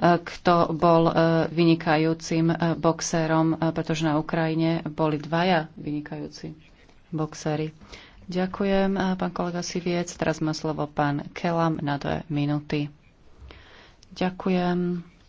kto bol e, vynikajúcim e, boxérom, e, pretože na Ukrajine boli dvaja vynikajúci boxéri. Ďakujem, pán kolega Siviec. Teraz má slovo pán Kelam na dve minúty. Ďakujem.